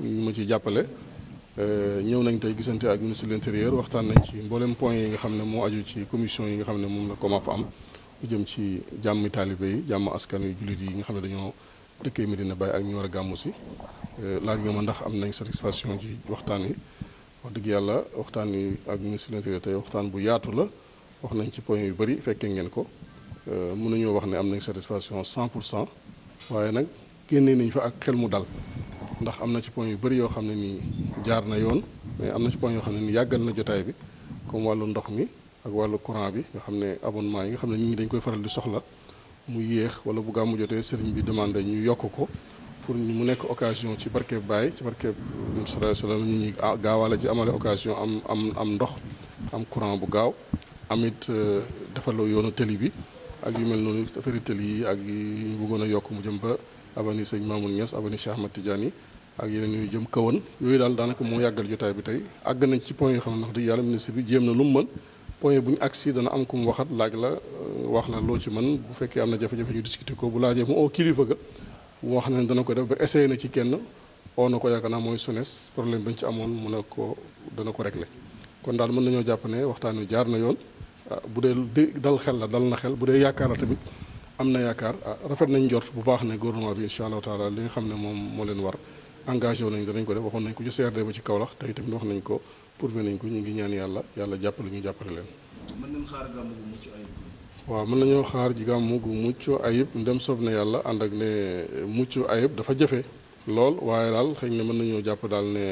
ñu ma ci jàppale euh, ñëw nañ tey gisante ak ministre de l'intérieur waxtaan nañ ci mboolem point yi nga xam ne moo aju ci commission yi nga xam ne moom la COMAF am lu jëm ci jàmmi taalibe yi jàmm askan wi jullit yi nga xam ne dañoo dëkkee Medina Baye ak ñu war a gàmmu si euh, laaj nga ma ndax am nañ satisfaction ci waxtaan wi wax dëgg yàlla waxtaan wi ak ministre de l'intérieur tey waxtaan bu yaatu la wax nañ ci point yu bëri fekkee ngeen ko euh, mun nañoo wax ne am nañ satisfaction cent pour cent waaye nag génnee nañ fa ak xel mu dal ndax am na ci point yu bëri yoo xam ne nii jaar na yoon mais am na ci point yoo xam ne nii yàggal na jotaay bi comme wàllu ndox mi ak wàllu courant bi nga xam ne abonnement yi nga xam ne nit ñi dañ koy faral di soxla mu yéex wala bu mu jotee sëriñ bi demandé ñu yokk ko pour mu nekk occasion ci barkeeb Baay ci barkeeb sallallahu alayhi wa sallam ñu ñuy gaawaale ci amale occasion am am am ndox am courant bu gaaw amit euh, defaloo yoonu téli bi ak yu mel noonu affaire tëli yi ak yu ñu bëggoon a yokk mu jëm ba avenue sëñ Mamoun Niass avenue Cheikh Ahmad Tidiane yi ak yeneen yu jëm kawan yooyu daal daanaka moo yàggal jotaay bi tey àgg nañ ci point yoo xam ndax di dëgg yàlla ministre bi jéem na lu mu mën point bu ñu agsi dana am ku mu waxat laaj la euh, wax la loo ci man bu fekkee am na jafe-jafe ñu discuter ko bu laajee mu oo kilifa ga wax na ne dana ko def ba essayé na ci kenn oo na ko yaakaar naa mooy SONES problème bañ ci amoon mu ne ko dana ko régler kon daal mën nañoo jàpp ne waxtaan wi jaar na yoon Ah, bu dee dal xel la dal na xel bu dee yaakaar la tamit am na yaakaar ah, rafet nañ njort bu baax ne gouvernement bi incha allahu taala li nga xam ne moom moo leen war engagé wu nañ ko def waxoon nañ ko ci CRD ba ci Kaolack tey wax nañ ko pourvu nañ ko ñu ngi ñaan yàlla yàlla jàpp lu ñu jàppale leen. mën waaw mën nañoo xaar ji gàmmu gu mucc ayib ndem soob na yàlla ànd ak ne mucc ayib dafa jafe lool waaye daal xëy na mën nañoo jàpp daal ne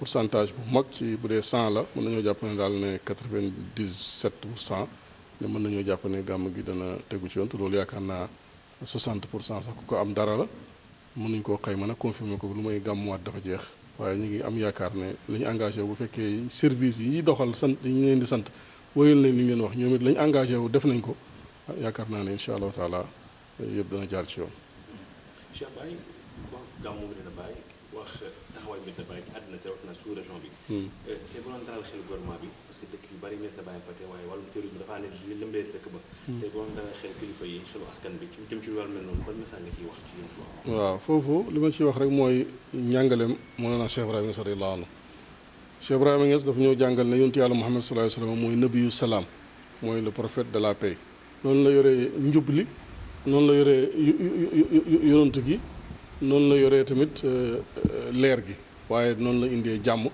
pourcentage bu mag ci bu dee cent la mën nañoo jàpp ne daal ne 97 pour cent ne mën nañoo jàpp ne gàmm gi dana tegu ci yoon te loolu yaakaar naa 60 pour cent sax ku ko am dara la mën nañu koo xayma nag confirmer ko lu may gàmmuwaat dafa jeex waaye ñu ngi am yaakaar ne li ñu engagé bu fekkee service yi doxal sant yi ñu leen di sant wóyal nañ li ñu leen wax ñoom it la ñu engagé wu def nañ ko yaakaar naa ne incha allahu taala yëpp dana jaar ci yoon. Cheikh ɓe dabari aduna te waxna sous région bi te bu doon dalal xel gouvernement bi parce que dëkk yu bari mën ta bàyyi fate waaye wàllum terrorisme dafa ne lëmbee dëkk ba te bu doon dalal xel kilifa yi xelu askan bi ci jëm ci wàllu mel noonu ban message nga ciy wax ci yéen waaw foofu li ma ciy wax rek mooy njàngaleem mën naa Cheikh Ibrahima Niass radiyallahu anhu Cheikh Ibrahima Niass dafa ñëw jàngal ne yontu yàlla Muhammad sallallahu alayhi wa sallam mooy nabiyu salaam mooy le prophète de la paix noonu la yoree njub li noonu la yoree yonent gi noonu la yoree tamit leer gi waaye noonu la indee jàmm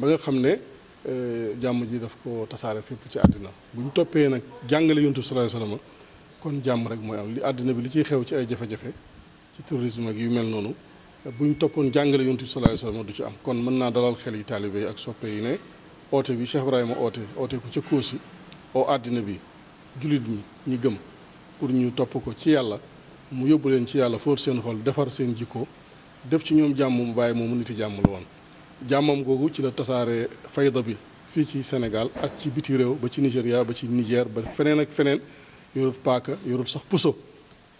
ba nga xam ne euh, jàmm ji daf ko tasaare fépp ci àddina bu ñu toppee nag jàngale yontu bi sallallahu alayhi kon jàmm rek mooy am li àddina bi li ciy xew ci ay jafe-jafe ci terrorisme ak yu mel noonu bu ñu toppoon jàngale yontu bi sallallahu du ci am kon mën naa dalal xel yi taalibe yi ak soppe yi ne oote bi Cheikh Ibrahima oote oote ku ca Kóosi oo àddina bi jullit ñi ñi gëm pour ñu topp ko ci yàlla mu yóbbu leen ci yàlla fóot seen xol defar seen jikko def ci ñoom jàmm mu bàyyi moomu niti jàmm la woon jàmmam googu ci la tasaare fayda bi fii ci senegal ak ci biti réew ba ci Nigéria ba ci Niger ba feneen ak feneen yorut paaka yorut sax puso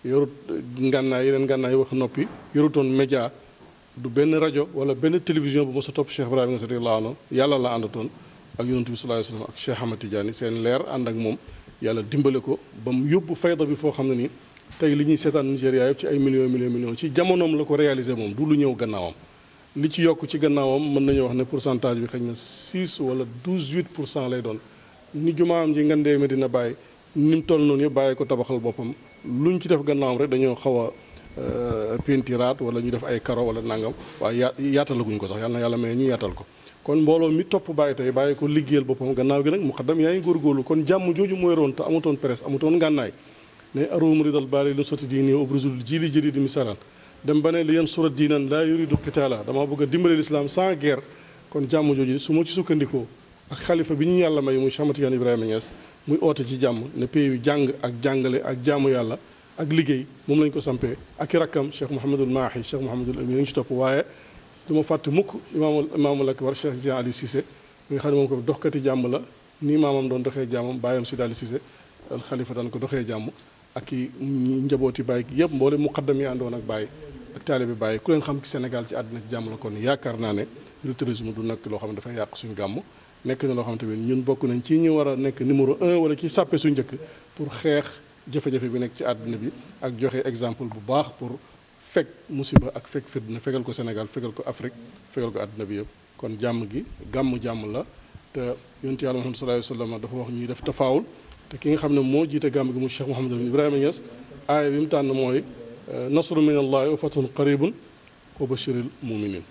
yorut ngànnaay yeneen ngànnaay wax noppi yorutoon média du benn rajo wala benn télévision bu mos a topp Cheikh Ibrahima Niass radiyallaahu anhu yàlla la àndatoon ak yonent bi sallallaahu alayhi wa sallam ak Cheikh Ahmad Tidiane seen leer ànd ak moom yàlla dimbale ko ba mu yóbbu fayda bi foo xam ne nii tey li ñuy seetaan Nigéria yëpp ci ay millions millions millions ci jamonoom la ko réalisé moom du lu ñëw gannaawam li ci yokk ci gannaawam mën nañu wax ne pourcentage bi xëy na 6 wala 12 8 pour cent lay doon ni jumaam ji ngandee Medina Baye ni mu toll noonu yëpp bàyyi ko tabaxal boppam luñ ci def gannaawam rek dañoo xaw a euh, pentiraat wala ñu def ay karo wala nangam waaye yaa yaatalaguñ ko sax yàlla na yàlla may ñu yaatal ko kon mbooloo mi topp bàyyi tey bàyyi ko liggéeyal boppam gannaaw gi nag mu xaddam kon jàmm jooju mooy roon te amutoon presse ne arum ridal baali la soti diini li jiili jadidi misaalan dem ba ne li yan sura diinan laa yuridu qitaala dama bëgg a dimbale lislaam sans guerre kon jàmm jooju su ma ci sukkandikoo ak xalifa bi ñu yàlla may muy Cheikh Ahmad Tidiane Ibrahima Niass muy oote ci jàmm ne pays bi jàng ak jàngale ak jàmm yàlla ak liggéey moom lañ ko sampee ak i rakkam Cheikh Mouhamadul Maahi Cheikh Mouhamadul Amin ñu ci topp waaye du ma fàtte mukk imaamul imaamul akbar Cheikh Jean Ali Cissé mi nga xam ne moom ko doxkati jàmm la nii maamam doon doxee jàmmam bàyyam Sidi Ali Cissé xalifa daan ko doxee jàmm ak i njabooti Baye gi yëpp mboole muqaddam yi àndoon ak Baye ak taalibe bàyyi ku leen xam ci Sénégal ci àddina ak jàmm la kon yaakaar naa ne le tourisme du nakk loo xam ne dafay yàq suñu gàmm nekk na loo xam tamit ñun bokk nañ ci ñu war a nekk numéro un wala ci sàppe njëkk pour xeex jafe bi nekk ci àddina bi ak joxe exemple bu baax pour fekk musiba ak fekk fitna fegal ko Sénégal fegal ko Afrique fegal ko àddina bi yëpp kon jàmm gi gàmm jàmm la te yonent yàlla Muhammad sallallahu alayhi wa sallam dafa wax ñuy def tafaawul te ki nga xamné mo jité gam bi mu Cheikh mohammed ibn ibrahim yass ay bi mu tan moy nasru min allah wa fatun qaribun wa bashiril muminin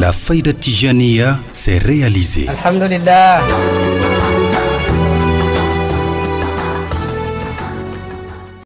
La faïda tijaniya s'est réalisée. Alhamdulillah.